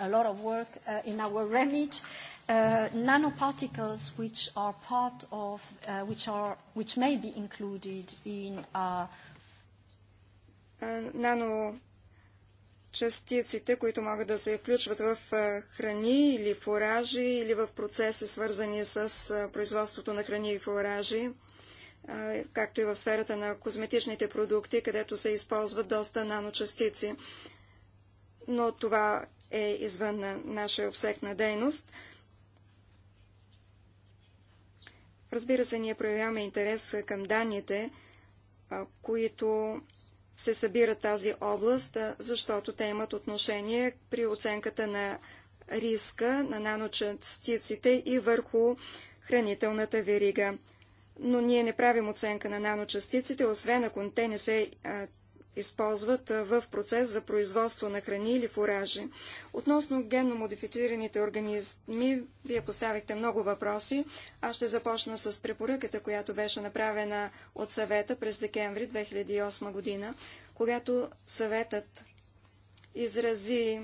a lot of work uh, in our remit. Uh, nanoparticles, which are part of, uh, which are, which may be included in. Uh, е, Нано частиците, които могат да се включват в е, храни или фуражи, или в процеси, свързани с е, производството на храни и фуражи, както и в сферата на козметичните продукти, където се използват доста наночастици но това е извън на наша обсекна дейност. Разбира се, ние проявяваме интерес към данните, които се събират тази област, защото те имат отношение при оценката на риска на наночастиците и върху хранителната верига. Но ние не правим оценка на наночастиците, освен ако те не се използват в процес за производство на храни или фуражи. Относно генно модифицираните организми, вие поставихте много въпроси. Аз ще започна с препоръката, която беше направена от съвета през декември 2008 година, когато съветът изрази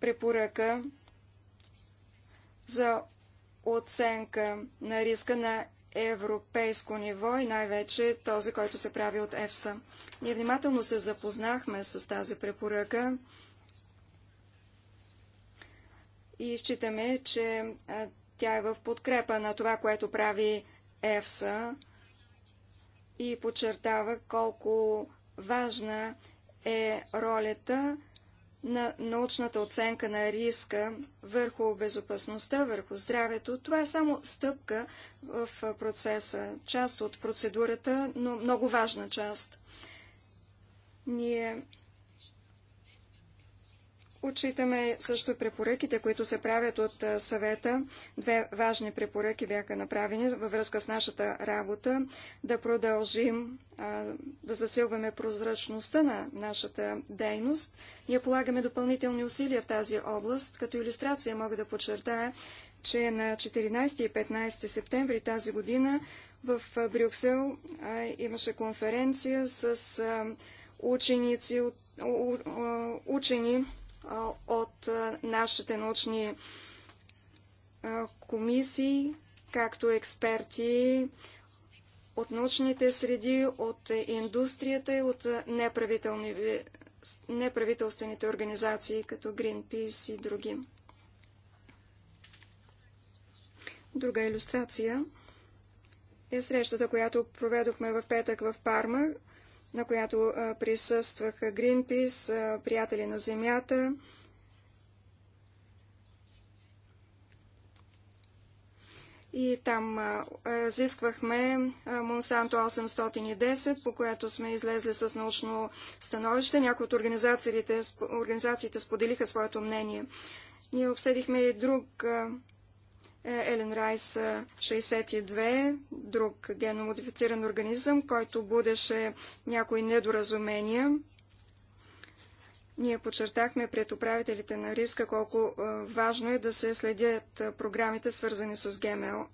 препоръка за оценка на риска на европейско ниво и най-вече този, който се прави от ЕФСА. Ние внимателно се запознахме с тази препоръка и считаме, че тя е в подкрепа на това, което прави ЕФСА и подчертава колко важна е ролята на научната оценка на риска върху безопасността, върху здравето. Това е само стъпка в процеса, част от процедурата, но много важна част. Ние Отчитаме също препоръките, които се правят от съвета. Две важни препоръки бяха направени във връзка с нашата работа. Да продължим да засилваме прозрачността на нашата дейност. Ние полагаме допълнителни усилия в тази област. Като иллюстрация мога да подчертая, че на 14 и 15 септември тази година в Брюксел имаше конференция с ученици, у, у, учени от нашите научни комисии, както експерти от научните среди, от индустрията и от неправителствените организации, като Greenpeace и други. Друга иллюстрация е срещата, която проведохме в петък в Парма, на която присъстваха Гринпис, приятели на земята. И там разисквахме Монсанто 810, по което сме излезли с научно становище. Някои от организациите, организациите споделиха своето мнение. Ние обсъдихме и друг е, Елен Райс 62, е, друг геномодифициран организъм, който будеше някои недоразумения. Ние подчертахме пред управителите на риска колко е, важно е да се следят програмите, свързани с ГМО.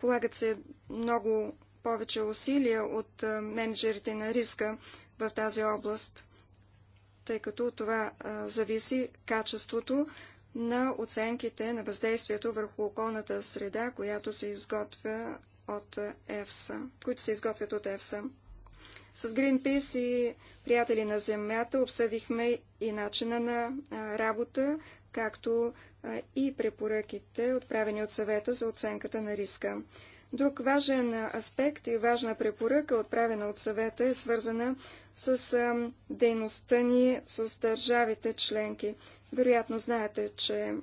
Полагат се много повече усилия от менеджерите на риска в тази област, тъй като това зависи качеството на оценките на въздействието върху околната среда, която се изготвя от ЕФСА, които се изготвят от ЕФСА. С Greenpeace и приятели на земята обсъдихме и начина на работа, както и препоръките, отправени от съвета за оценката на риска. Друг важен аспект и важна препоръка, отправена от съвета, е свързана с дейността ни с държавите членки. Вероятно знаете, че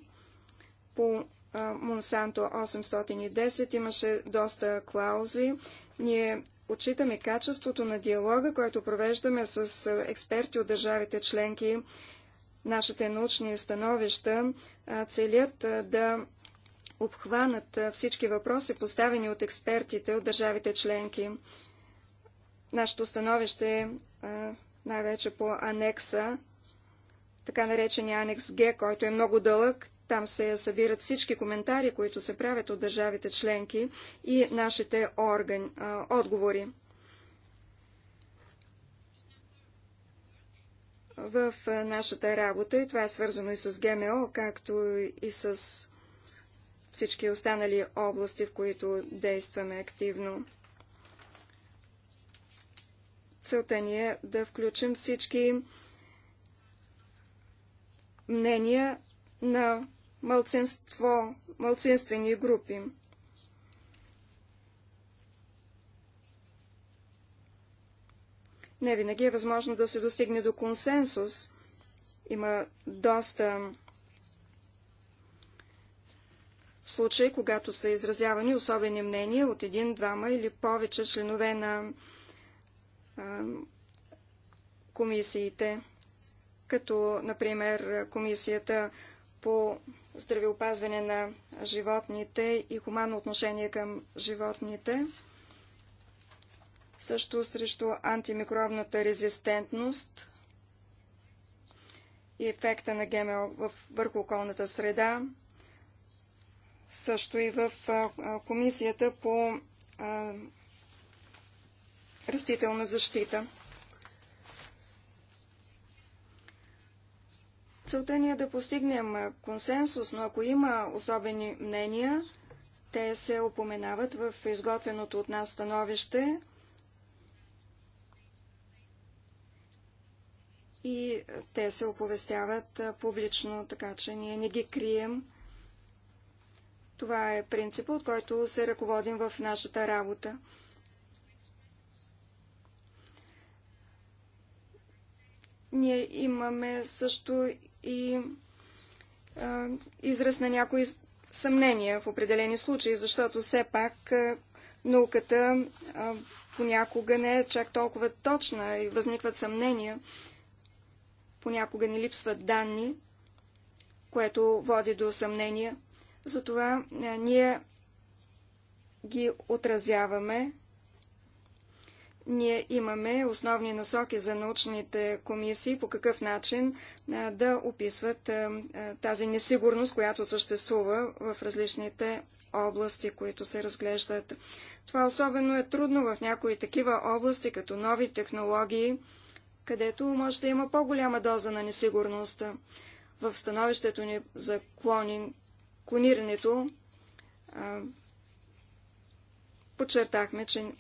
по Монсанто 810 имаше доста клаузи. Ние отчитаме качеството на диалога, който провеждаме с експерти от държавите членки. Нашите научни становища целят да обхванат всички въпроси, поставени от експертите от държавите членки. Нашето становище е най-вече по анекса така наречения анекс Г, който е много дълъг. Там се събират всички коментари, които се правят от държавите членки и нашите органи, а, отговори. В нашата работа, и това е свързано и с ГМО, както и с всички останали области, в които действаме активно. Целта ни е да включим всички мнения на мълцинство, мълцинствени групи. Не винаги е възможно да се достигне до консенсус. Има доста случаи, когато са изразявани особени мнения от един, двама или повече членове на а, комисиите като, например, Комисията по здравеопазване на животните и хуманно отношение към животните, също срещу антимикробната резистентност и ефекта на ГМО върху околната среда, също и в Комисията по растителна защита. Целта ни е да постигнем консенсус, но ако има особени мнения, те се опоменават в изготвеното от нас становище. И те се оповестяват публично, така че ние не ги крием. Това е принципът, от който се ръководим в нашата работа. Ние имаме също и а, израз на някои съмнения в определени случаи, защото все пак а, науката а, понякога не е чак толкова точна и възникват съмнения, понякога не липсват данни, което води до съмнения. Затова а, ние ги отразяваме ние имаме основни насоки за научните комисии, по какъв начин да описват тази несигурност, която съществува в различните области, които се разглеждат. Това особено е трудно в някои такива области, като нови технологии, където може да има по-голяма доза на несигурност В становището ни за клонин, клонирането подчертахме, че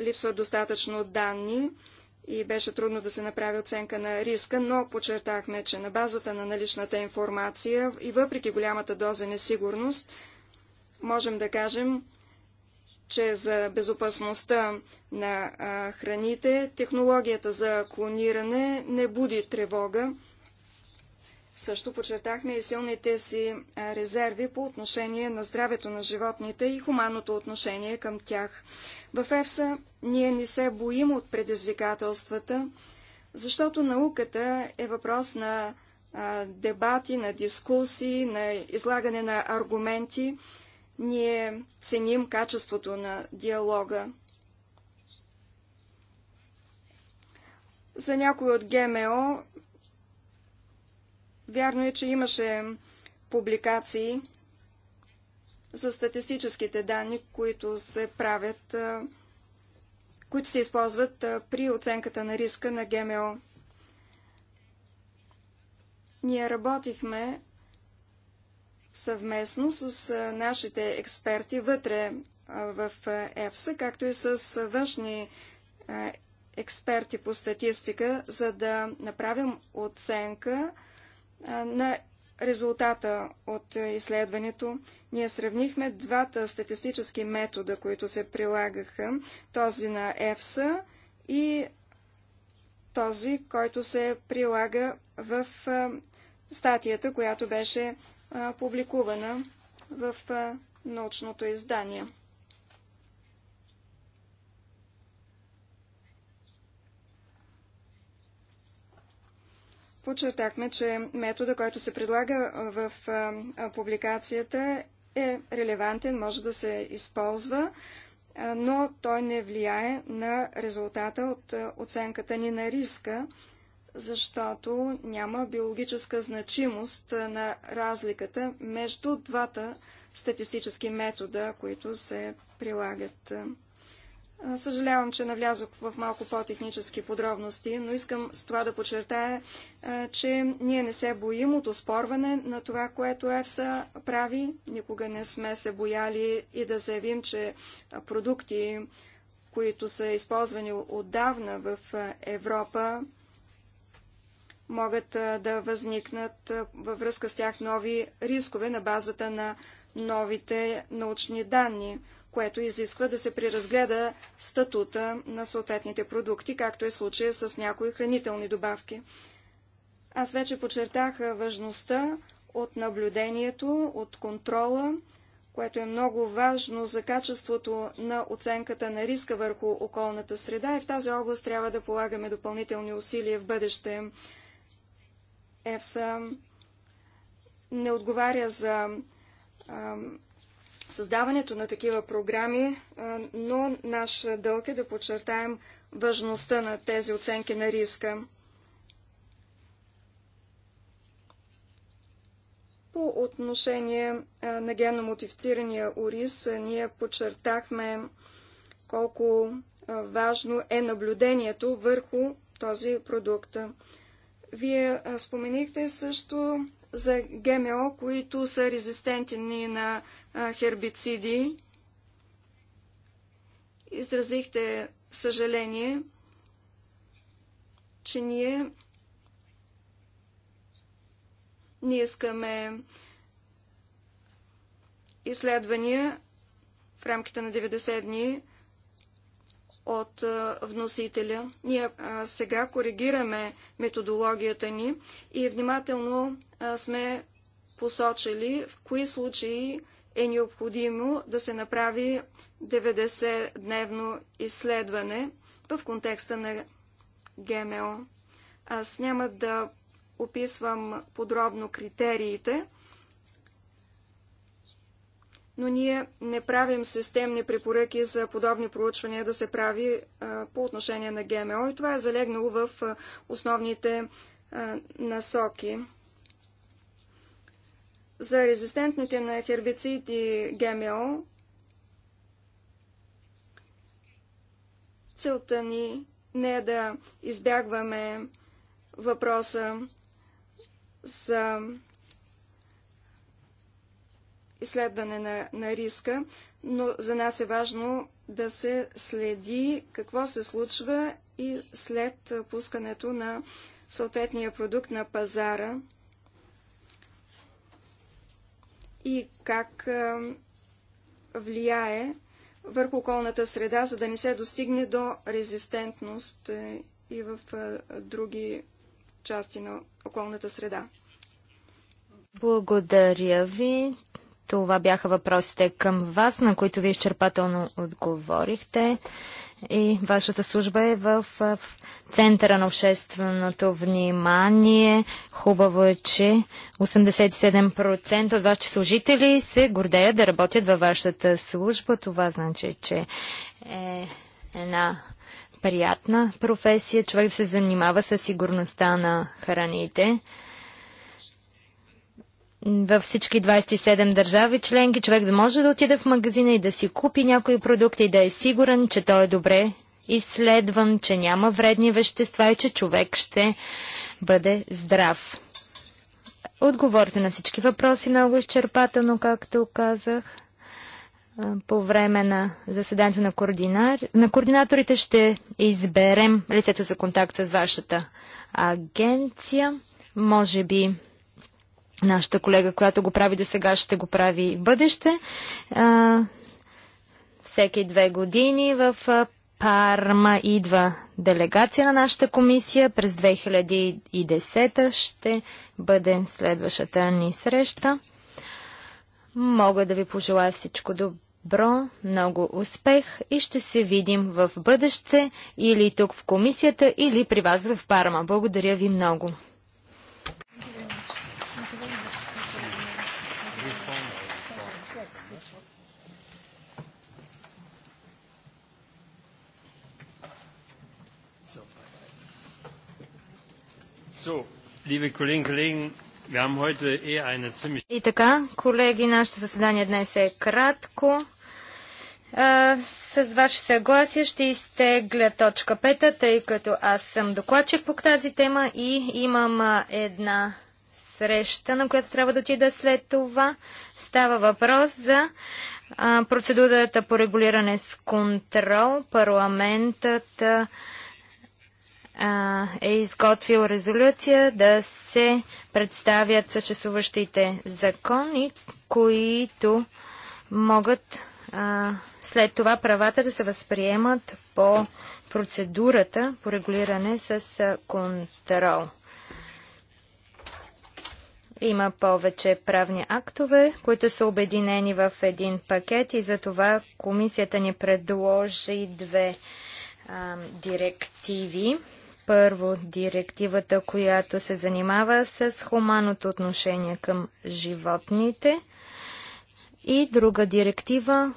липсват достатъчно данни и беше трудно да се направи оценка на риска, но подчертахме, че на базата на наличната информация и въпреки голямата доза несигурност, можем да кажем, че за безопасността на а, храните технологията за клониране не буди тревога. Също подчертахме и силните си резерви по отношение на здравето на животните и хуманното отношение към тях. В ЕФСА ние не се боим от предизвикателствата, защото науката е въпрос на а, дебати, на дискусии, на излагане на аргументи. Ние ценим качеството на диалога. За някои от ГМО вярно е, че имаше публикации, за статистическите данни, които се правят, които се използват при оценката на риска на ГМО. Ние работихме съвместно с нашите експерти вътре в ЕФСА, както и с външни експерти по статистика, за да направим оценка на резултата от изследването. Ние сравнихме двата статистически метода, които се прилагаха, този на ЕФСА и този, който се прилага в статията, която беше публикувана в научното издание. Почертахме, че метода, който се предлага в публикацията е релевантен, може да се използва, но той не влияе на резултата от оценката ни на риска, защото няма биологическа значимост на разликата между двата статистически метода, които се прилагат. Съжалявам, че навлязох в малко по-технически подробности, но искам с това да подчертая, че ние не се боим от оспорване на това, което ЕФСА прави. Никога не сме се бояли и да заявим, че продукти, които са използвани отдавна в Европа, могат да възникнат във връзка с тях нови рискове на базата на новите научни данни което изисква да се преразгледа статута на съответните продукти, както е случая с някои хранителни добавки. Аз вече подчертах важността от наблюдението, от контрола, което е много важно за качеството на оценката на риска върху околната среда и в тази област трябва да полагаме допълнителни усилия в бъдеще. ЕФСА не отговаря за създаването на такива програми, но наш дълг е да подчертаем важността на тези оценки на риска. По отношение на генномодифицирания ориз, ние подчертахме колко важно е наблюдението върху този продукт. Вие споменихте също за ГМО, които са резистентни на хербициди. Изразихте съжаление, че ние не искаме изследвания в рамките на 90 дни от вносителя. Ние сега коригираме методологията ни и внимателно сме посочили в кои случаи е необходимо да се направи 90-дневно изследване в контекста на ГМО. Аз няма да описвам подробно критериите, но ние не правим системни препоръки за подобни проучвания да се прави по отношение на ГМО и това е залегнало в основните насоки. За резистентните на хербициди ГМО целта ни не е да избягваме въпроса за изследване на, на риска, но за нас е важно да се следи какво се случва и след пускането на съответния продукт на пазара и как влияе върху околната среда, за да не се достигне до резистентност е, и в други части на околната среда. Благодаря ви. Това бяха въпросите към вас, на които ви изчерпателно отговорихте. И вашата служба е в, в центъра на общественото внимание. Хубаво е, че 87% от вашите служители се гордеят да работят във вашата служба. Това значи, че е една приятна професия. Човек да се занимава с сигурността на храните във всички 27 държави членки човек да може да отиде в магазина и да си купи някои продукти и да е сигурен, че той е добре изследван, че няма вредни вещества и че човек ще бъде здрав. Отговорите на всички въпроси много изчерпателно, както казах. По време на заседанието на, координар... на координаторите ще изберем лицето за контакт с вашата агенция. Може би Нашата колега, която го прави до сега, ще го прави в бъдеще. А, всеки две години в Парма идва делегация на нашата комисия. През 2010 ще бъде следващата ни среща. Мога да ви пожелая всичко добро, много успех и ще се видим в бъдеще или тук в комисията, или при вас в Парма. Благодаря ви много. Eh и така, колеги, нашето заседание днес е кратко. с ваше съгласие ще изтегля точка 5, тъй като аз съм докладчик по тази тема и имам една среща, на която трябва да отида след това. Става въпрос за процедурата по регулиране с контрол. Парламентът е изготвил резолюция да се представят съществуващите закони, които могат след това правата да се възприемат по процедурата по регулиране с контрол. Има повече правни актове, които са обединени в един пакет и за това комисията ни предложи две а, директиви. Първо, директивата, която се занимава с хуманното отношение към животните и друга директива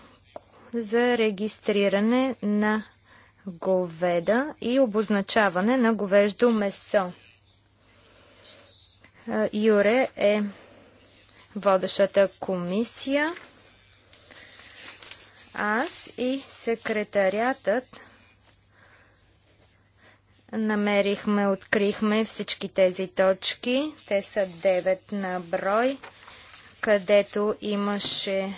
за регистриране на говеда и обозначаване на говеждо месо. Юре е водещата комисия. Аз и секретариатът Намерихме, открихме всички тези точки. Те са 9 на брой, където имаше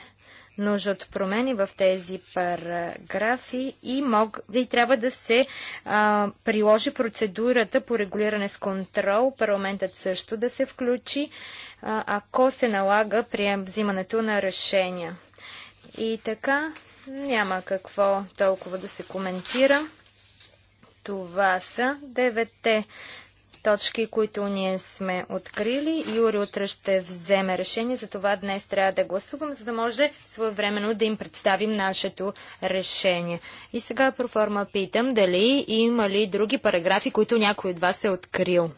нужда от промени в тези параграфи и, мог, и трябва да се а, приложи процедурата по регулиране с контрол. Парламентът също да се включи, а, ако се налага при взимането на решения. И така, няма какво толкова да се коментира. Това са девете точки, които ние сме открили. Юри утре ще вземе решение, за това днес трябва да гласувам, за да може своевременно да им представим нашето решение. И сега проформа питам дали има ли други параграфи, които някой от вас е открил.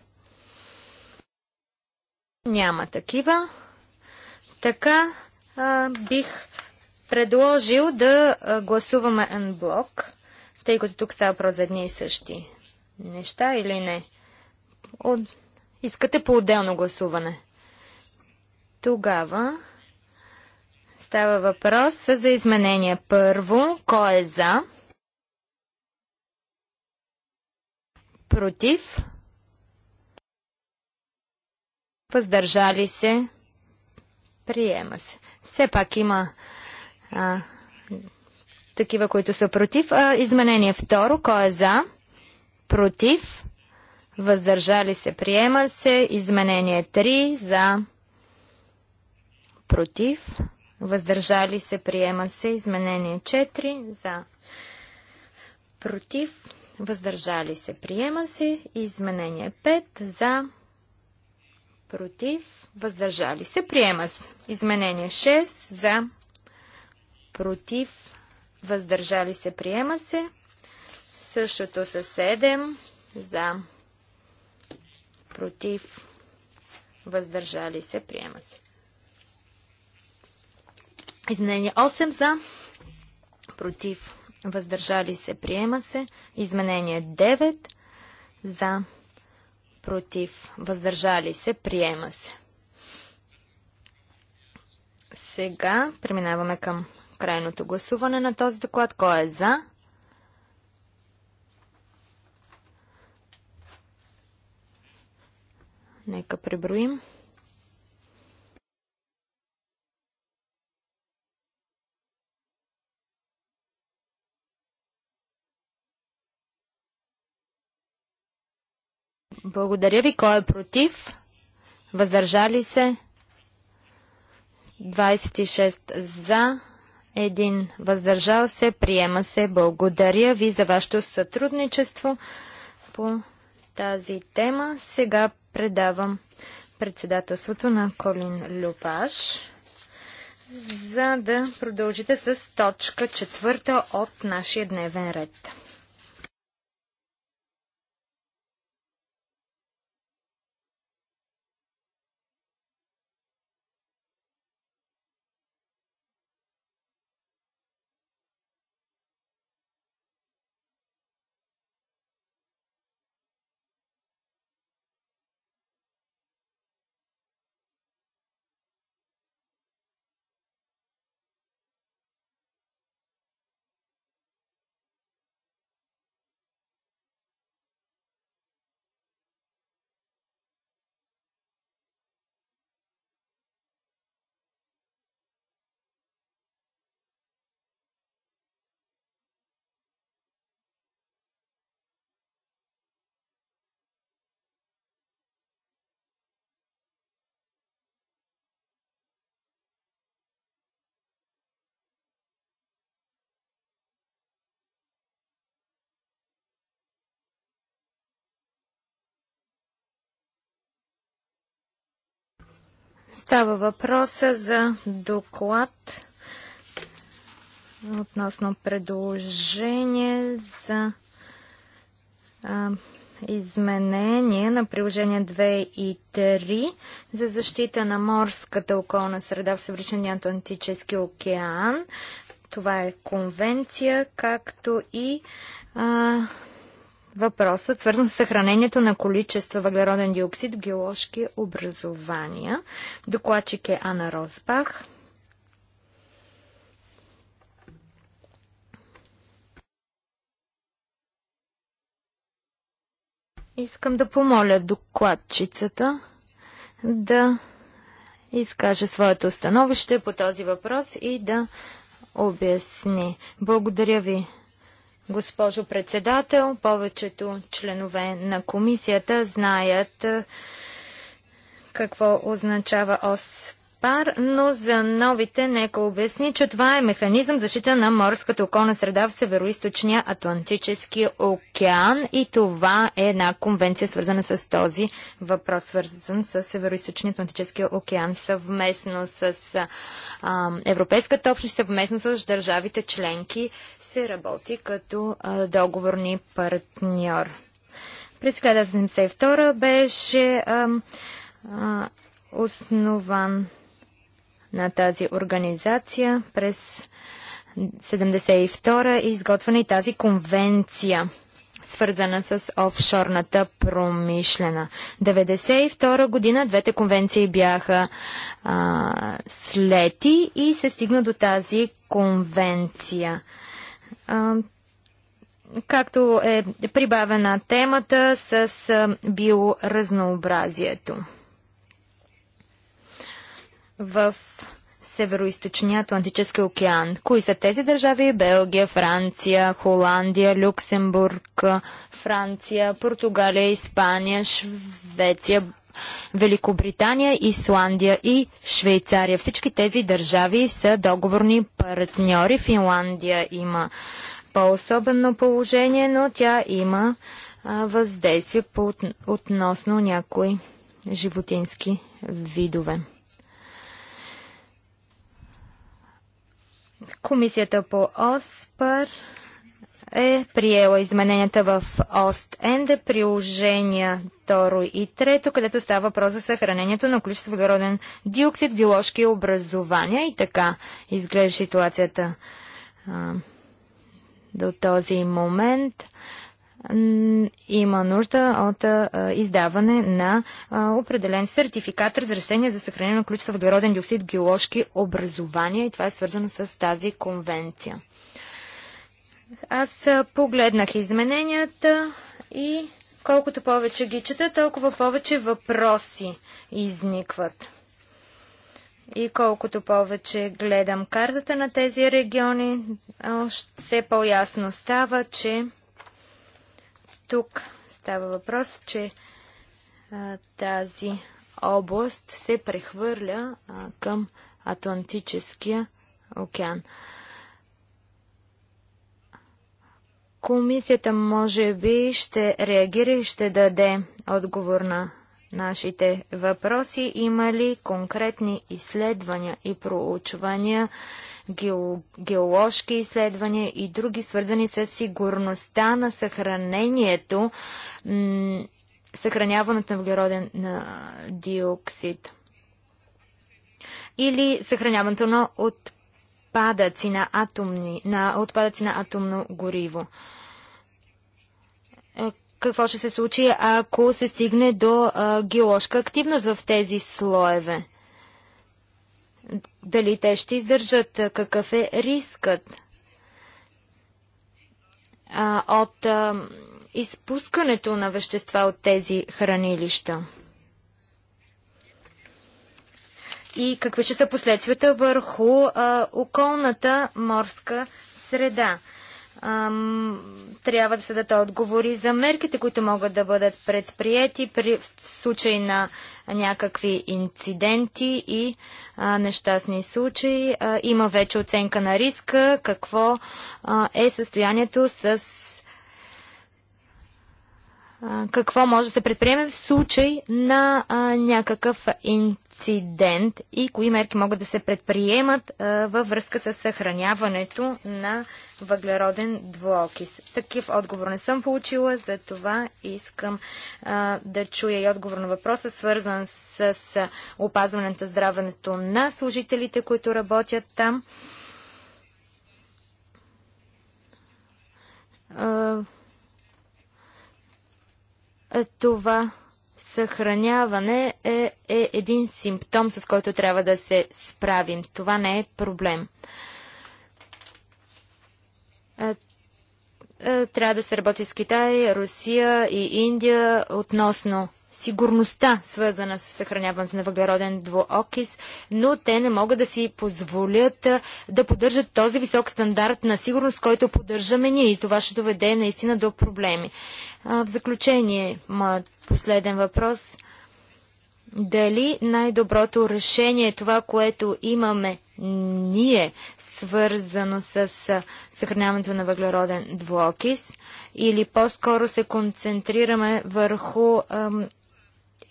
Няма такива. Така а, бих предложил да гласуваме анблок. блок тъй като тук става въпрос за едни и същи неща или не. От... Искате по-отделно гласуване. Тогава става въпрос за изменение. Първо, кой е за? Против? Въздържали се? Приема се. Все пак има а, такива, които са против. Изменение второ. Кой е за? Против. Въздържали се. Приема се. Изменение 3. За. Против. Въздържали се. Приема се. Изменение 4. За. Против. Въздържали се. Приема се. Изменение 5. За. Против. Въздържали се. Приема се. Изменение 6. За. Против въздържали се, приема се. Същото са 7 за, против, въздържали се, приема се. Изменение 8 за, против, въздържали се, приема се. Изменение 9 за, против, въздържали се, приема се. Сега преминаваме към крайното гласуване на този доклад. Кой е за? Нека преброим. Благодаря ви. Кой е против? Въздържали се? 26 за един въздържал се, приема се. Благодаря ви за вашето сътрудничество по тази тема. Сега предавам председателството на Колин Любаш, за да продължите с точка четвърта от нашия дневен ред. Става въпроса за доклад относно предложение за а, изменение на приложение 2 и 3 за защита на морската околна среда в Съвършения Атлантически океан. Това е конвенция, както и а, въпросът, свързан с съхранението на количества въглероден диоксид в геоложки образования. Докладчик е Ана Розбах. Искам да помоля докладчицата да изкаже своето становище по този въпрос и да обясни. Благодаря ви, Госпожо председател, повечето членове на комисията знаят какво означава ОС пар, но за новите нека обясни, че това е механизъм защита на морската околна среда в Североисточния Атлантически океан и това е една конвенция свързана с този въпрос, свързан с Североисточния Атлантически океан, съвместно с а, Европейската общност, съвместно с държавите членки се работи като а, договорни партньор. През 1972 беше а, а, основан на тази организация през 1972 и изготвена и тази конвенция свързана с офшорната промишлена. 1992 година двете конвенции бяха а, слети и се стигна до тази конвенция. А, както е прибавена темата с биоразнообразието в Североизточния Атлантически океан. Кои са тези държави? Белгия, Франция, Холандия, Люксембург, Франция, Португалия, Испания, Швеция, Великобритания, Исландия и Швейцария. Всички тези държави са договорни партньори. Финландия има по-особено положение, но тя има въздействие по- относно някои животински видове. Комисията по ОСПР е приела измененията в ОСТ-ЕНД, приложения 2 и 3, където става въпрос за съхранението на количество въглероден диоксид в образования и така изглежда ситуацията до този момент има нужда от издаване на определен сертификат, разрешение за съхранение на количество въглероден диоксид, геоложки образования и това е свързано с тази конвенция. Аз погледнах измененията и колкото повече ги чета, толкова повече въпроси изникват. И колкото повече гледам картата на тези региони, все по-ясно става, че тук става въпрос, че а, тази област се прехвърля а, към Атлантическия океан. Комисията може би ще реагира и ще даде отговор на нашите въпроси. Има ли конкретни изследвания и проучвания гео, геоложки изследвания и други, свързани с сигурността на съхранението, съхраняването на въглероден на диоксид или съхраняването на отпадъци на, атомни, на отпадъци на атомно гориво е, какво ще се случи, ако се стигне до а, геоложка активност в тези слоеве дали те ще издържат, какъв е рискът а, от а, изпускането на вещества от тези хранилища. И какви ще са последствията върху а, околната морска среда ам, трябва да се даде отговори за мерките, които могат да бъдат предприяти при, в случай на някакви инциденти и а, нещастни случаи. А, има вече оценка на риска, какво а, е състоянието с какво може да се предприеме в случай на а, някакъв инцидент и кои мерки могат да се предприемат а, във връзка с съхраняването на въглероден двуокис. Такъв отговор не съм получила, за това искам а, да чуя и отговор на въпроса, свързан с, опазването здравето на служителите, които работят там. това съхраняване е, е един симптом, с който трябва да се справим. Това не е проблем. Трябва да се работи с Китай, Русия и Индия относно сигурността, свързана с съхраняването на въглероден двуокис, но те не могат да си позволят да поддържат този висок стандарт на сигурност, който поддържаме ние и това ще доведе наистина до проблеми. В заключение, моят последен въпрос. Дали най-доброто решение е това, което имаме ние, свързано с съхраняването на въглероден двуокис, или по-скоро се концентрираме върху ам,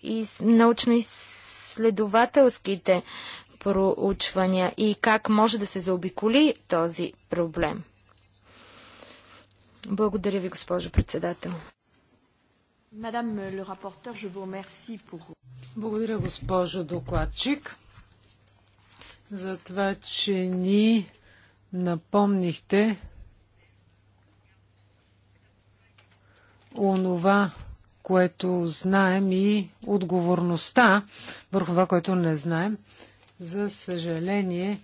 и научно-изследователските проучвания и как може да се заобиколи този проблем. Благодаря ви, госпожо председател. Э, Благодаря, госпожо докладчик, за това, че ни напомнихте онова, което знаем и отговорността върху това, което не знаем. За съжаление,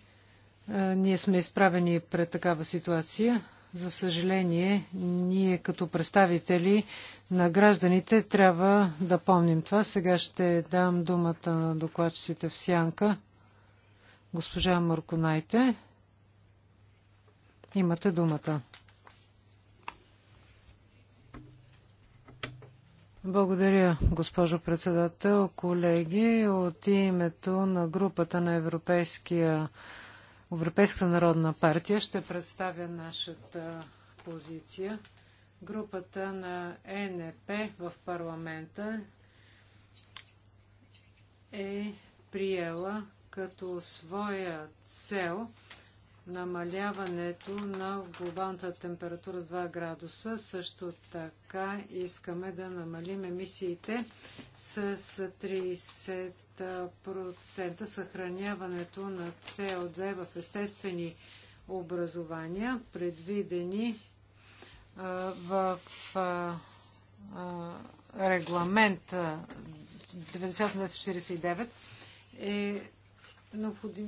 е, ние сме изправени пред такава ситуация. За съжаление, ние като представители на гражданите трябва да помним това. Сега ще дам думата на докладчиците в Сянка. Госпожа Марконайте, имате думата. Благодаря, госпожо председател. Колеги, от името на групата на Европейския, Европейска народна партия ще представя нашата позиция. Групата на ЕНП в парламента е приела като своя цел – намаляването на глобалната температура с 2 градуса. Също така искаме да намалим емисиите с 30% съхраняването на CO2 в естествени образования, предвидени в регламент 9849 е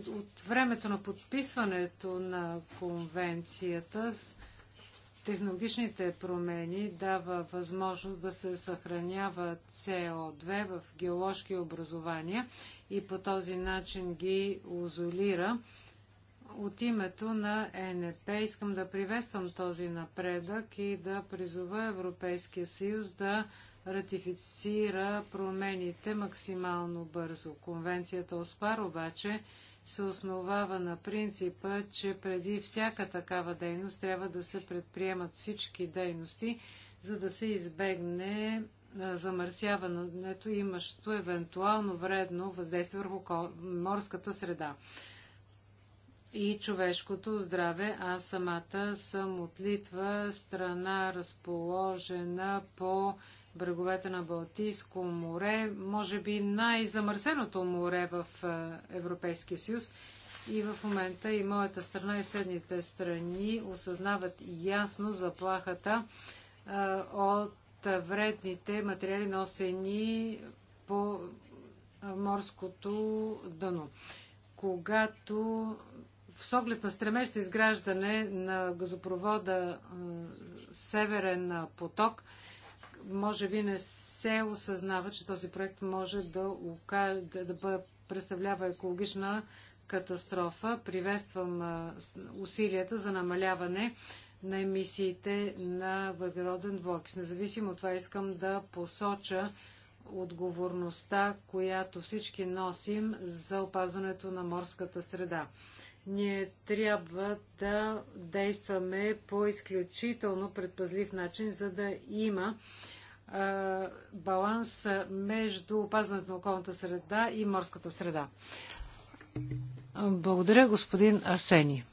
от времето на подписването на конвенцията технологичните промени дава възможност да се съхранява CO2 в геоложки образования и по този начин ги озолира. От името на ЕНП искам да приветствам този напредък и да призова Европейския съюз да ратифицира промените максимално бързо. Конвенцията ОСПАР обаче се основава на принципа, че преди всяка такава дейност трябва да се предприемат всички дейности, за да се избегне замърсяването, имащо евентуално вредно въздействие върху морската среда и човешкото здраве. Аз самата съм от Литва, страна разположена по бреговете на Балтийско море, може би най-замърсеното море в е, Европейския съюз. И в момента и моята страна и съдните страни осъзнават ясно заплахата е, от вредните материали, носени по е, морското дъно. Когато в оглед на стремещо изграждане на газопровода Северен поток, може би не се осъзнава, че този проект може да, ука... да, представлява екологична катастрофа. Приветствам усилията за намаляване на емисиите на въглероден двуокис. Независимо от това искам да посоча отговорността, която всички носим за опазването на морската среда. Ние трябва да действаме по изключително предпазлив начин, за да има баланс между опазването на околната среда и морската среда. Благодаря, господин Арсени.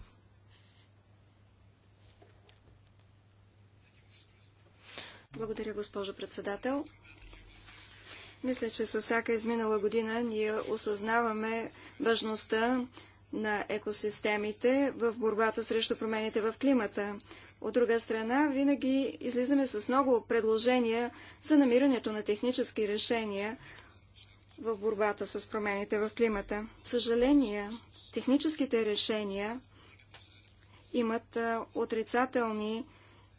Благодаря, госпожо председател. Мисля, че със всяка изминала година ние осъзнаваме важността на екосистемите в борбата срещу промените в климата. От друга страна, винаги излизаме с много предложения за намирането на технически решения в борбата с промените в климата. Съжаление, техническите решения имат отрицателни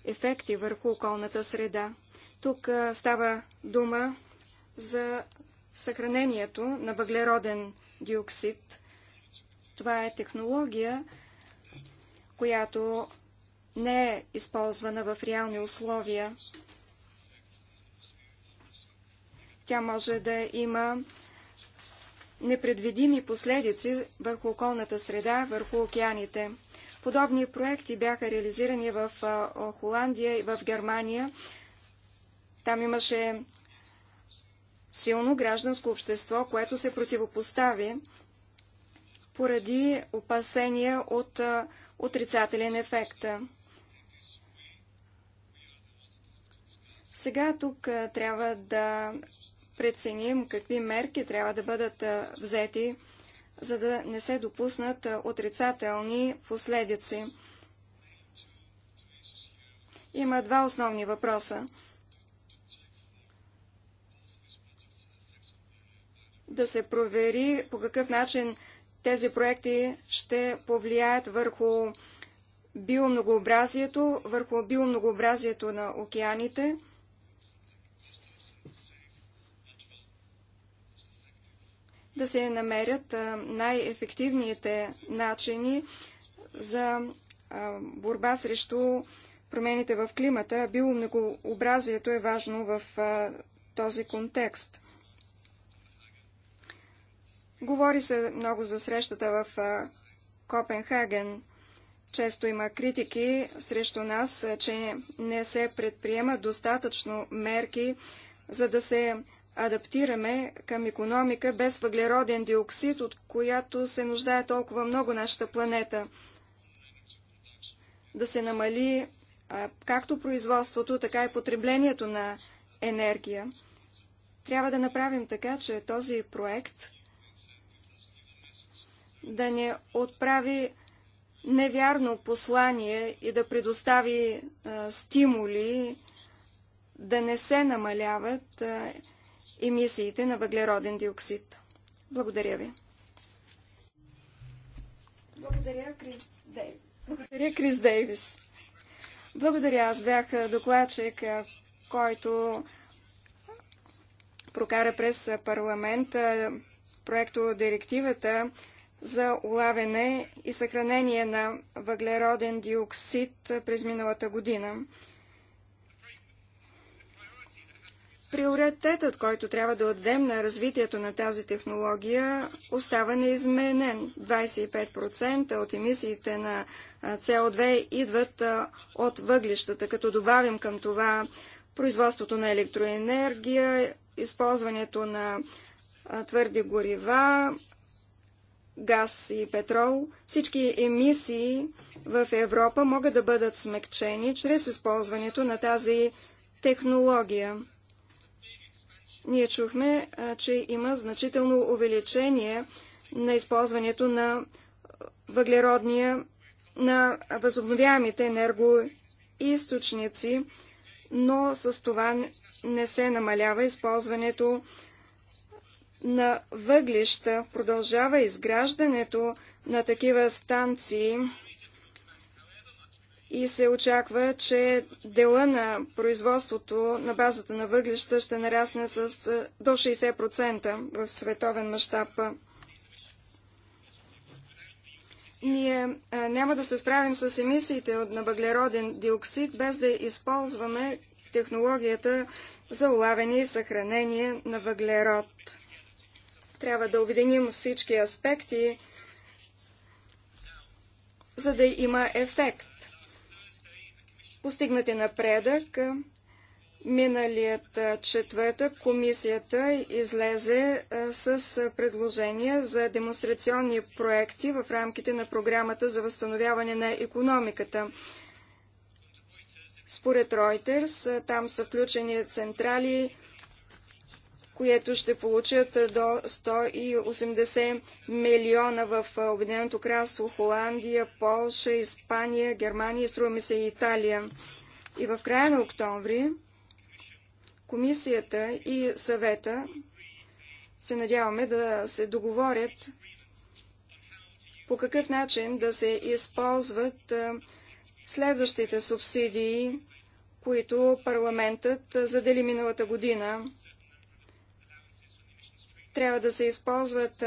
ефекти върху околната среда. Тук става дума за съхранението на въглероден диоксид. Това е технология, която не е използвана в реални условия. Тя може да има непредвидими последици върху околната среда, върху океаните. Подобни проекти бяха реализирани в Холандия и в Германия. Там имаше силно гражданско общество, което се противопостави поради опасения от отрицателен ефект. Сега тук трябва да преценим какви мерки трябва да бъдат взети, за да не се допуснат отрицателни последици. Има два основни въпроса. Да се провери по какъв начин тези проекти ще повлияят върху биомногообразието, върху биомногообразието на океаните – да се намерят най-ефективните начини за борба срещу промените в климата. Биомногообразието е важно в този контекст. Говори се много за срещата в Копенхаген. Често има критики срещу нас, че не се предприемат достатъчно мерки, за да се адаптираме към економика без въглероден диоксид, от която се нуждае толкова много нашата планета. Да се намали а, както производството, така и потреблението на енергия. Трябва да направим така, че този проект да не отправи невярно послание и да предостави а, стимули да не се намаляват а, емисиите на въглероден диоксид. Благодаря ви. Благодаря, Крис Дейвис. Благодаря, Крис Дейвис. Благодаря, аз бях докладчик, който прокара през парламента проекто директивата за улавяне и съхранение на въглероден диоксид през миналата година. Приоритетът, който трябва да отдем на развитието на тази технология, остава неизменен. 25% от емисиите на CO2 идват от въглищата. Като добавим към това производството на електроенергия, използването на твърди горива, газ и петрол, всички емисии в Европа могат да бъдат смекчени чрез използването на тази технология. Ние чухме, че има значително увеличение на използването на въглеродния, на възобновяемите енергоисточници, но с това не се намалява използването на въглища. Продължава изграждането на такива станции и се очаква, че дела на производството на базата на въглища ще нарасне с до 60% в световен мащаб. Ние няма да се справим с емисиите на въглероден диоксид, без да използваме технологията за улавяне и съхранение на въглерод. Трябва да обединим всички аспекти, за да има ефект е напредък. Миналият четвъртък комисията излезе с предложения за демонстрационни проекти в рамките на програмата за възстановяване на економиката. Според Reuters там са включени централи, което ще получат до 180 милиона в Обединеното кралство, Холандия, Полша, Испания, Германия, струва ми се и Италия. И в края на октомври комисията и съвета се надяваме да се договорят по какъв начин да се използват следващите субсидии, които парламентът задели миналата година трябва да се използват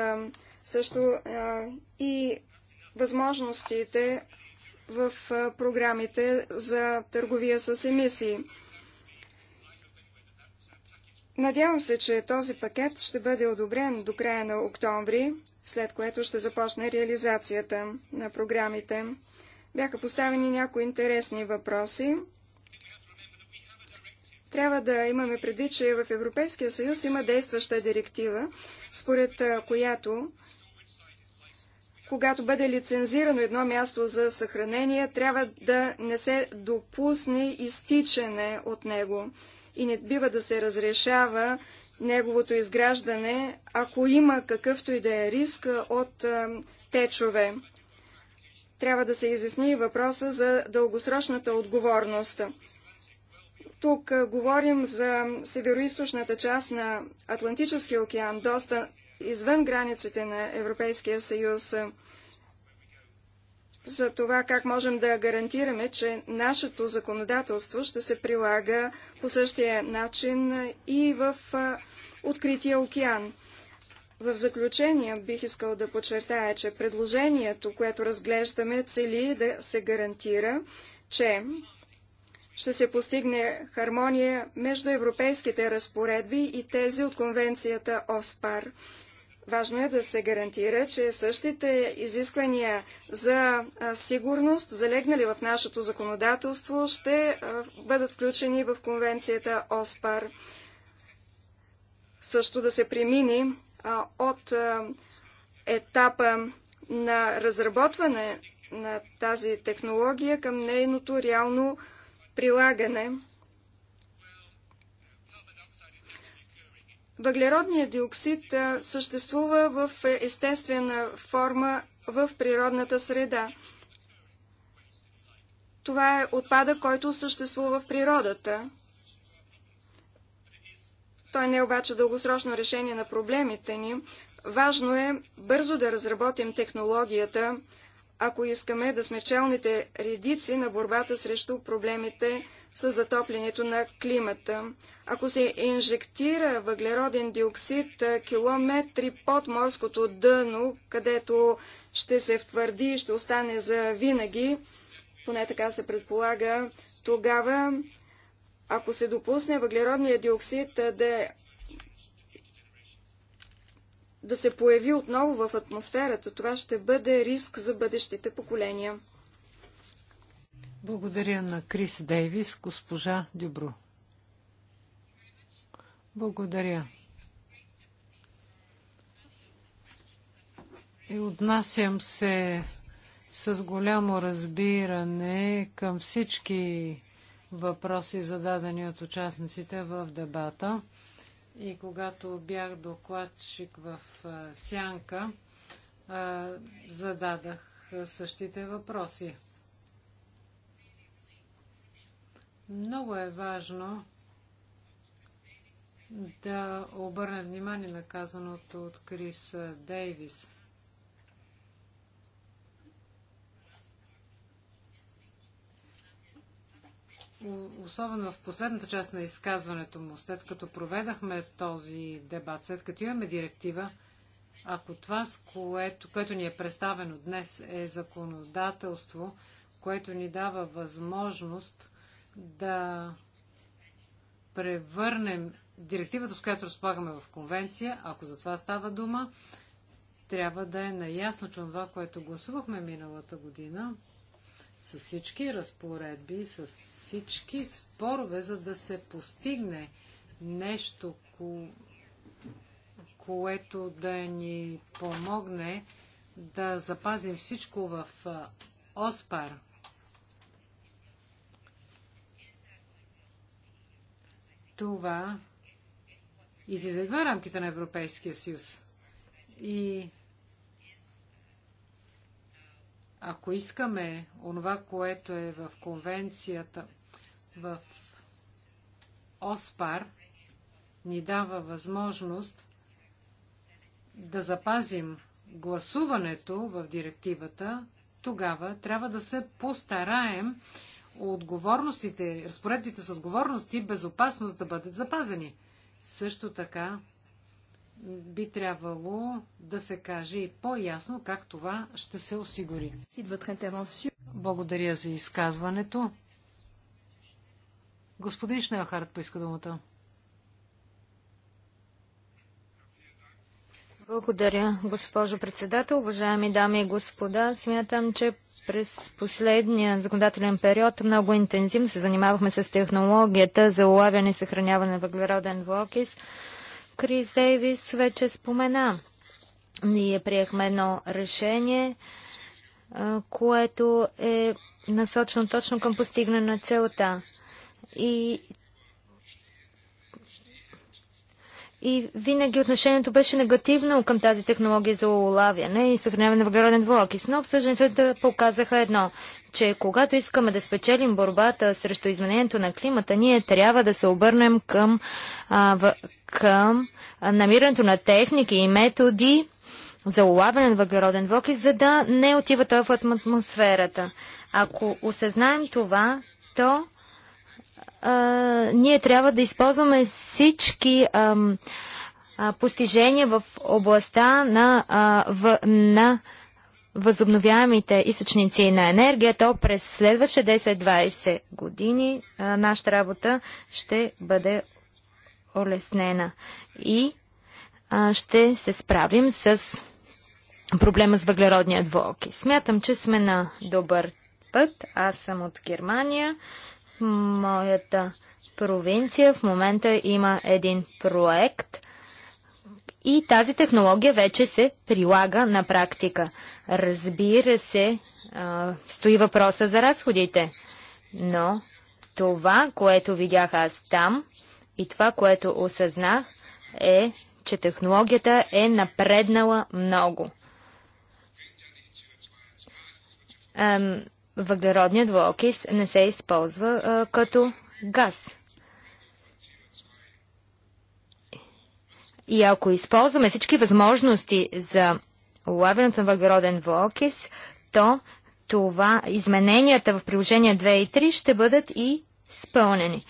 също и възможностите в програмите за търговия с емисии. Надявам се, че този пакет ще бъде одобрен до края на октомври, след което ще започне реализацията на програмите. Бяха поставени някои интересни въпроси. Трябва да имаме преди, че в Европейския съюз има действаща директива, според която когато бъде лицензирано едно място за съхранение, трябва да не се допусне изтичане от него и не бива да се разрешава неговото изграждане, ако има какъвто и да е риск от течове. Трябва да се изясни и въпроса за дългосрочната отговорност. Тук говорим за североизточната част на Атлантическия океан, доста извън границите на Европейския съюз, за това как можем да гарантираме, че нашето законодателство ще се прилага по същия начин и в открития океан. В заключение бих искал да подчертая, че предложението, което разглеждаме, цели да се гарантира, че ще се постигне хармония между европейските разпоредби и тези от конвенцията ОСПАР. Важно е да се гарантира, че същите изисквания за сигурност, залегнали в нашето законодателство, ще бъдат включени в конвенцията ОСПАР. Също да се премини от етапа на разработване на тази технология към нейното реално прилагане. Въглеродният диоксид съществува в е, естествена форма в природната среда. Това е отпадък, който съществува в природата. Той не е обаче дългосрочно решение на проблемите ни. Важно е бързо да разработим технологията, ако искаме да сме челните редици на борбата срещу проблемите с затоплянето на климата. Ако се инжектира въглероден диоксид километри под морското дъно, където ще се втвърди и ще остане за винаги, поне така се предполага, тогава ако се допусне въглеродния диоксид да е да се появи отново в атмосферата. Това ще бъде риск за бъдещите поколения. Благодаря на Крис Дейвис, госпожа Дюбро. Благодаря. И отнасям се с голямо разбиране към всички въпроси, зададени от участниците в дебата и когато бях докладчик в Сянка, зададах същите въпроси. Много е важно да обърнем внимание на казаното от Крис Дейвис. особено в последната част на изказването му, след като проведахме този дебат, след като имаме директива, ако това, с което, което ни е представено днес, е законодателство, което ни дава възможност да превърнем директивата, с която разполагаме в конвенция, ако за това става дума, трябва да е наясно, че това, което гласувахме миналата година, с всички разпоредби, с всички спорове, за да се постигне нещо, ко... което да ни помогне да запазим всичко в Оспар. Това излиза едва рамките на Европейския съюз. И Ако искаме онова, което е в конвенцията, в ОСПАР, ни дава възможност да запазим гласуването в директивата, тогава трябва да се постараем отговорностите, разпоредбите с отговорности и безопасност да бъдат запазени. Също така би трябвало да се каже и по-ясно как това ще се осигури. Благодаря за изказването. Господин Шнеохард поиска думата. Благодаря, госпожо председател. Уважаеми дами и господа, смятам, че през последния законодателен период много интензивно се занимавахме с технологията за улавяне и съхраняване на въглероден двуокис. Крис Дейвис вече спомена. Ние приехме едно решение, което е насочено точно към постигане на целта. И И винаги отношението беше негативно към тази технология за улавяне и съхраняване на въглероден двуокис. Но обсъжданията показаха едно, че когато искаме да спечелим борбата срещу изменението на климата, ние трябва да се обърнем към, а, в, към намирането на техники и методи за улавяне на въглероден двуокис, за да не отива той в атмосферата. Ако осъзнаем това, то а, ние трябва да използваме всички а, а, постижения в областта на, а, в, на възобновяемите източници на енергия, то през следващите 10-20 години а, нашата работа ще бъде олеснена и а, ще се справим с проблема с въглеродния двуоки. Смятам, че сме на добър път. Аз съм от Германия моята провинция в момента има един проект и тази технология вече се прилага на практика. Разбира се, стои въпроса за разходите, но това, което видях аз там и това, което осъзнах е, че технологията е напреднала много въглеродният двуокис не се използва а, като газ. И ако използваме всички възможности за улавянето на въглероден двуокис, то това измененията в приложение 2 и 3 ще бъдат и спълнени.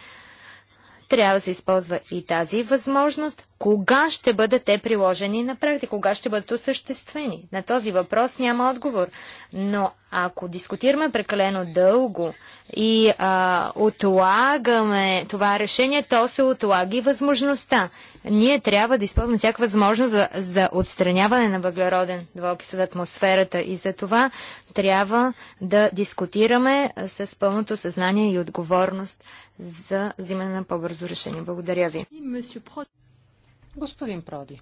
Трябва да се използва и тази възможност. Кога ще бъдат те приложени на практика? Кога ще бъдат осъществени? На този въпрос няма отговор. Но ако дискутираме прекалено дълго и а, отлагаме това решение, то се отлага и възможността. Ние трябва да използваме всяка възможност за, за отстраняване на въглероден двуокис от атмосферата и за това трябва да дискутираме с пълното съзнание и отговорност за взимане на по-бързо решение. Благодаря ви. Господин Проди.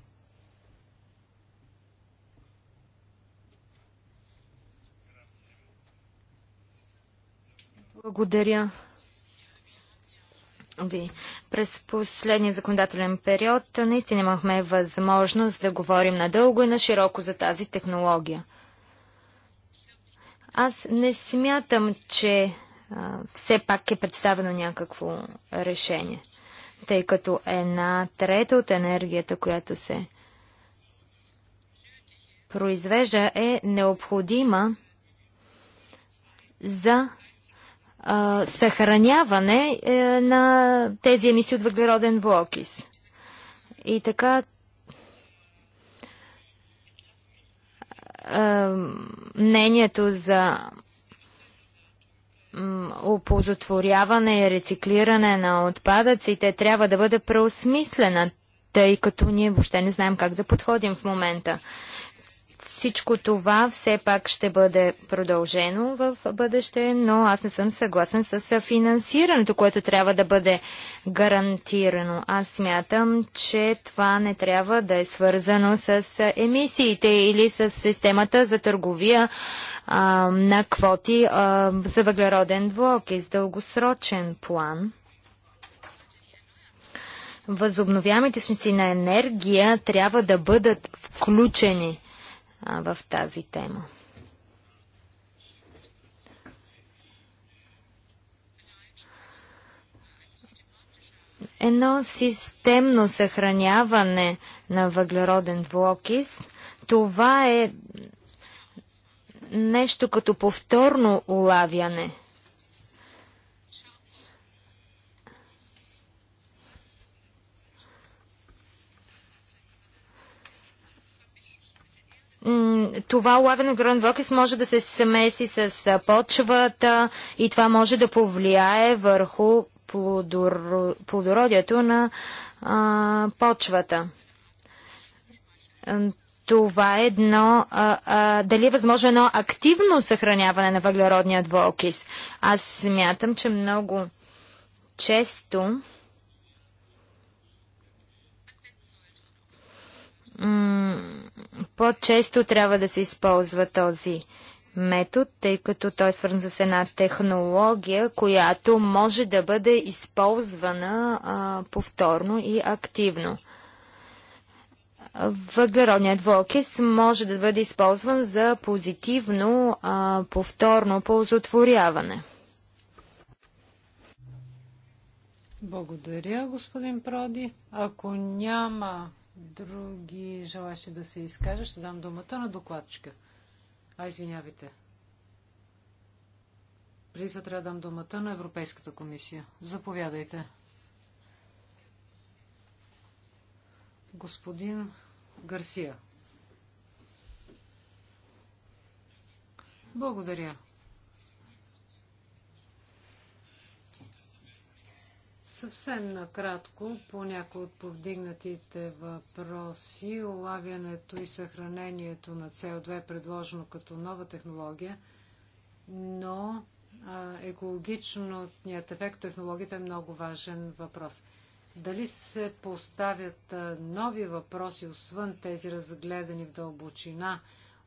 Благодаря ви. През последния законодателен период наистина имахме възможност да говорим надълго и на широко за тази технология. Аз не смятам, че все пак е представено някакво решение, тъй като една трета от енергията, която се произвежда, е необходима за а, съхраняване е, на тези емисии от въглероден двуокис. И така а, мнението за оползотворяване и рециклиране на отпадъците трябва да бъде преосмислена, тъй като ние въобще не знаем как да подходим в момента. Всичко това все пак ще бъде продължено в бъдеще, но аз не съм съгласен с финансирането, което трябва да бъде гарантирано. Аз смятам, че това не трябва да е свързано с емисиите или с системата за търговия а, на квоти а, за въглероден и с дългосрочен план. Възобновяемите източници на енергия трябва да бъдат включени в тази тема. Едно системно съхраняване на въглероден двуокис, това е нещо като повторно улавяне – това лавен от въглероден може да се смеси с почвата и това може да повлияе върху плодор... плодородието на а, почвата. Това е едно. А, а, дали е възможно едно активно съхраняване на въглеродния двуокис? Аз смятам, че много често. М- по-често трябва да се използва този метод, тъй като той е свързан с една технология, която може да бъде използвана а, повторно и активно. Въглеродният двуокис може да бъде използван за позитивно а, повторно ползотворяване. Благодаря, господин Проди. Ако няма Други желащи да се изкажат, ще дам думата на докладчика. А, извинявайте. Преди това трябва да дам думата на Европейската комисия. Заповядайте. Господин Гарсия. Благодаря. Съвсем накратко по някои от повдигнатите въпроси, улавянето и съхранението на CO2 е предложено като нова технология, но екологичният ефект технологията е много важен въпрос. Дали се поставят нови въпроси, освен тези разгледани в дълбочина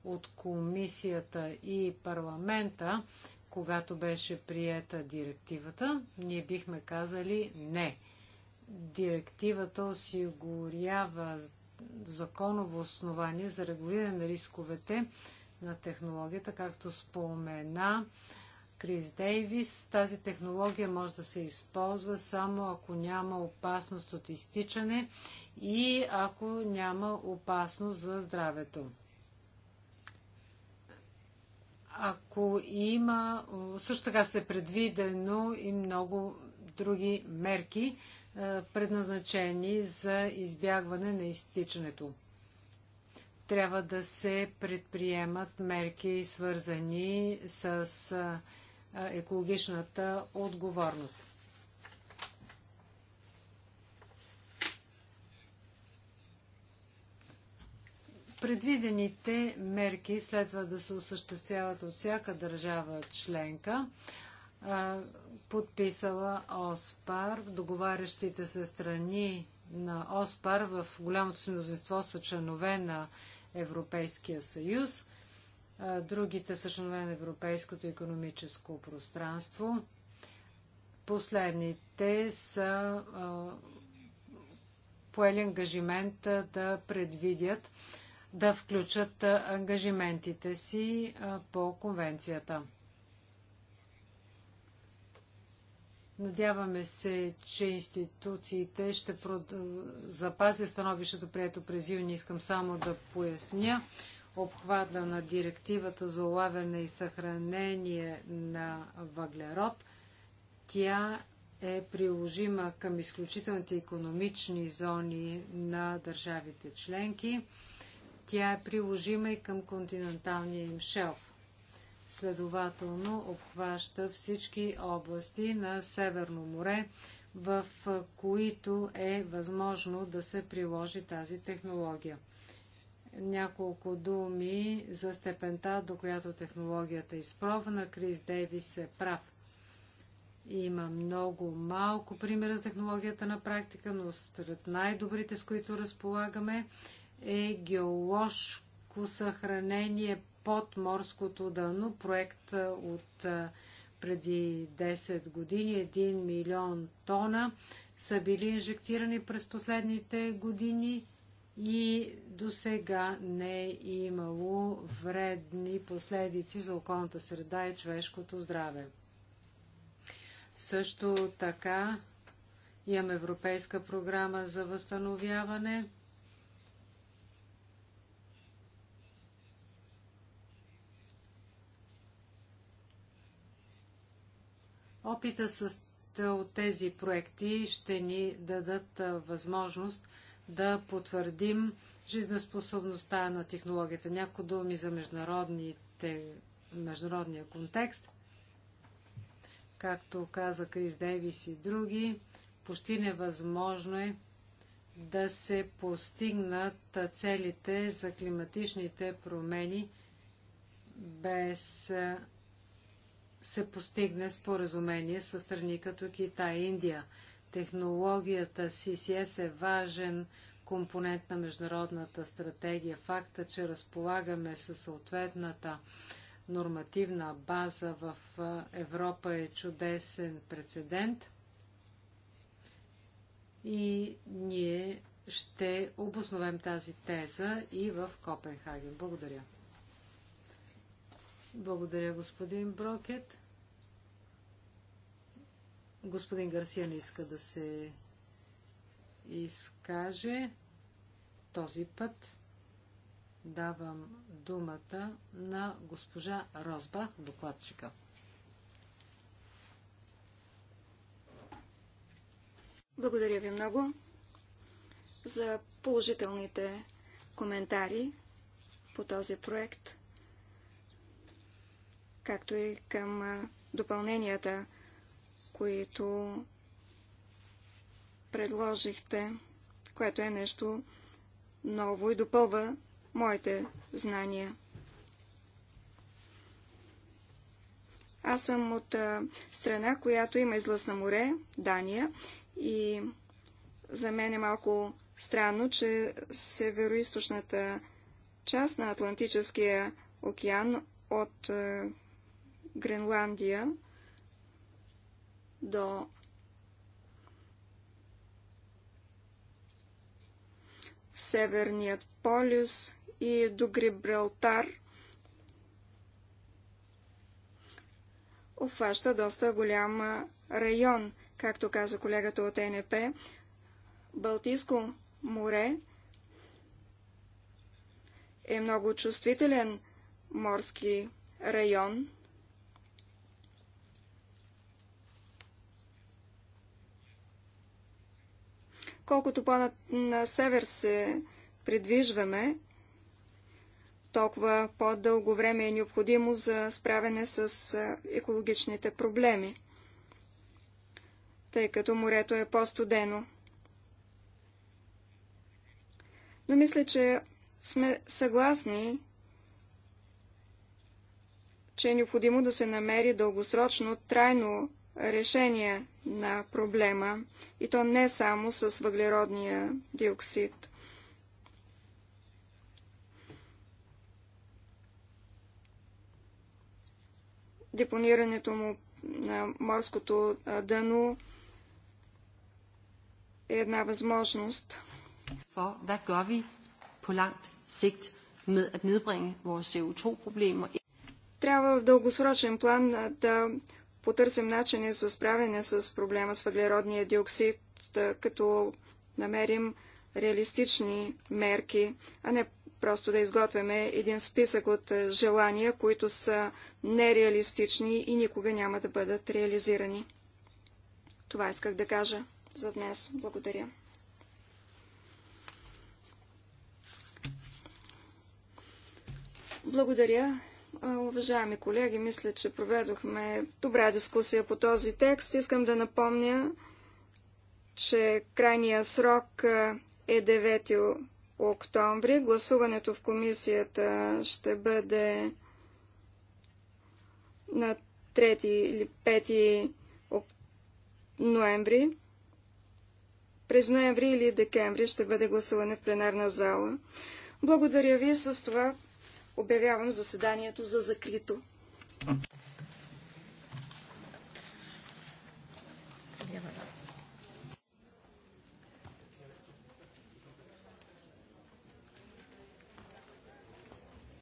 от комисията и парламента когато беше приета директивата, ние бихме казали не. Директивата осигурява законово основание за регулиране на рисковете на технологията, както спомена Крис Дейвис. Тази технология може да се използва само ако няма опасност от изтичане и ако няма опасност за здравето ако има, също така се предвидено и много други мерки, е, предназначени за избягване на изтичането. Трябва да се предприемат мерки, свързани с е, екологичната отговорност. Предвидените мерки следва да се осъществяват от всяка държава членка, подписала ОСПАР. Договарящите се страни на ОСПАР в голямото си мнозинство са членове на Европейския съюз. Другите са членове на Европейското економическо пространство. Последните са поели ангажимента да предвидят да включат ангажиментите си по конвенцията. Надяваме се, че институциите ще запази становището, прието през юни. Искам само да поясня обхвата на директивата за улавяне и съхранение на въглерод. Тя е приложима към изключителните економични зони на държавите членки. Тя е приложима и към континенталния им шелф. Следователно обхваща всички области на Северно море, в които е възможно да се приложи тази технология. Няколко думи за степента, до която технологията е изпробвана. Крис Дейвис е прав. Има много малко примера за технологията на практика, но сред най-добрите, с които разполагаме, е геоложко съхранение под морското дъно. Проект от преди 10 години 1 милион тона са били инжектирани през последните години и до сега не е имало вредни последици за околната среда и човешкото здраве. Също така имам Европейска програма за възстановяване. Опита с от тези проекти ще ни дадат възможност да потвърдим жизнеспособността на технологията. Някои думи за международния контекст. Както каза Крис Дейвис и други, почти невъзможно е да се постигнат целите за климатичните промени без се постигне споразумение с страни като Китай и Индия. Технологията CCS е важен компонент на международната стратегия. Факта, че разполагаме със съответната нормативна база в Европа е чудесен прецедент и ние ще обосновем тази теза и в Копенхаген. Благодаря. Благодаря, господин Брокет. Господин Гарсия не иска да се изкаже. Този път давам думата на госпожа Розба, докладчика. Благодаря ви много за положителните коментари по този проект както и към допълненията, които предложихте, което е нещо ново и допълва моите знания. Аз съм от страна, която има излъз на море, Дания, и за мен е малко странно, че североизточната част на Атлантическия океан от Гренландия до Северният полюс и до Грибралтар обхваща доста голям район, както каза колегата от НП. Балтийско море е много чувствителен морски район. Колкото по на север се придвижваме, толкова по-дълго време е необходимо за справяне с екологичните проблеми, тъй като морето е по-студено. Но мисля, че сме съгласни, че е необходимо да се намери дългосрочно, трайно решение на проблема и то не само с въглеродния диоксид. Депонирането му на морското дъно е една възможност. For, hvad gør vi på langt sigt med at nedbringe vores CO2-problemer? Трябва в дългосрочен план да потърсим начини за справяне с проблема с въглеродния диоксид, като намерим реалистични мерки, а не просто да изготвяме един списък от желания, които са нереалистични и никога няма да бъдат реализирани. Това исках да кажа за днес. Благодаря. Благодаря. Уважаеми колеги, мисля, че проведохме добра дискусия по този текст. Искам да напомня, че крайния срок е 9 октомври. Гласуването в комисията ще бъде на 3 или 5 ноември. През ноември или декември ще бъде гласуване в пленарна зала. Благодаря ви. С това Обявявам заседанието за закрито.